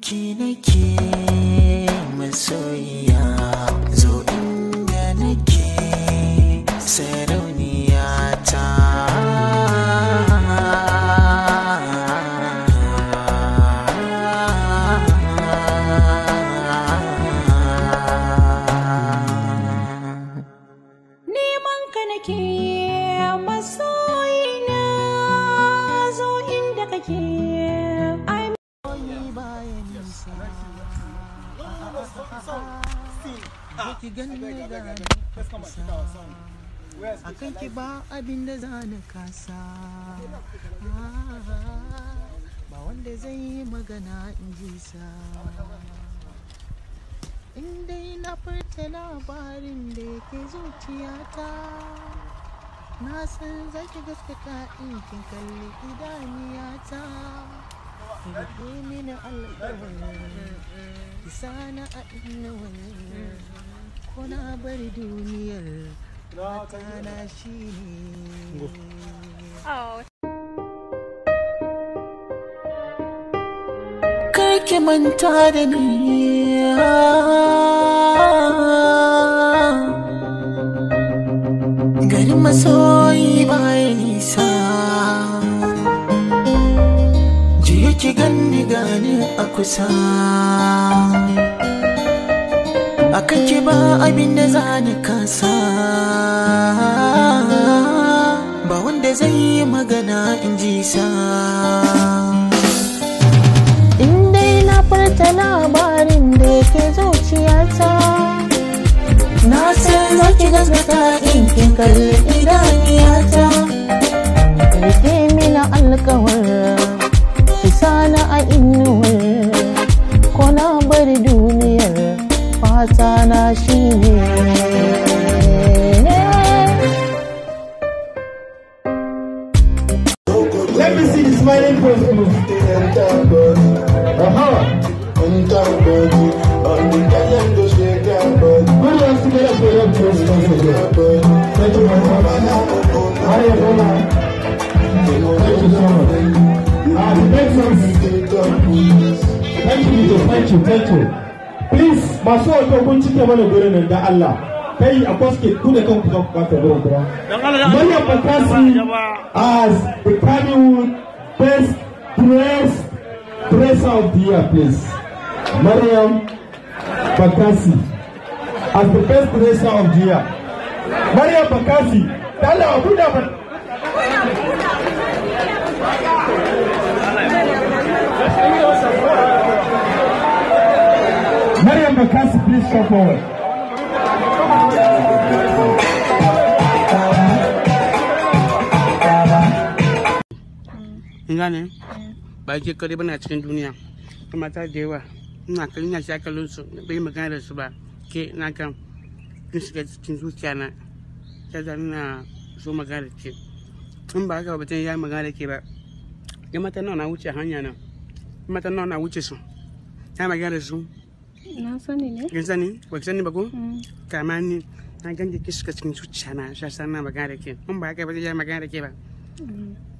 ki nake masoyiya zo Yake ah, ganin da kusa A kan ki ba abin da zane kasa Ba wanda zai yi magana in ji sa In dai na furta labarin da yake zuciyata Na san zaki gaskata in kin kalli idaniyata Ki mini alƙawarin Ki sana a inuwa ko na bar duniyar na shi ne oh. ki manta da ni garin masoyi baya nisa jiya ki gani gani a kusa akan ba abin da zani kasa ba wanda zai yi magana in ji sa in dai na farta labarin da ke zuciyata na san zaki gaskata in kin idaniyata rike mina alkawar ki sana a inuwar ko na bari duwa sana Let me see the smiling pose Uh-huh. Thank you so much. Ah, you. please masu wato kun cike mana gurin nan da Allah kai a kwaske ku da kanku za ku bata gurin kuma Bakasi as the Kannywood best dress dress of the year please Maryam Bakasi as the best dresser of the year Maryam Bakasi the cast please come forward. Ba ke cikin duniya. Mata da yawa. Ina kalli na su, magana da su ba. Ke na kan shiga cikin zuciya na. so magana da ke. ba ya magana da ba. mata nawa na wuce wuce su. Ta magana su. na sani ne kin sani ba ba ko kama mm. ni na ganke cikin zuciya na shi na magana da ke mun ba ka ba zai magana da ke ba mm.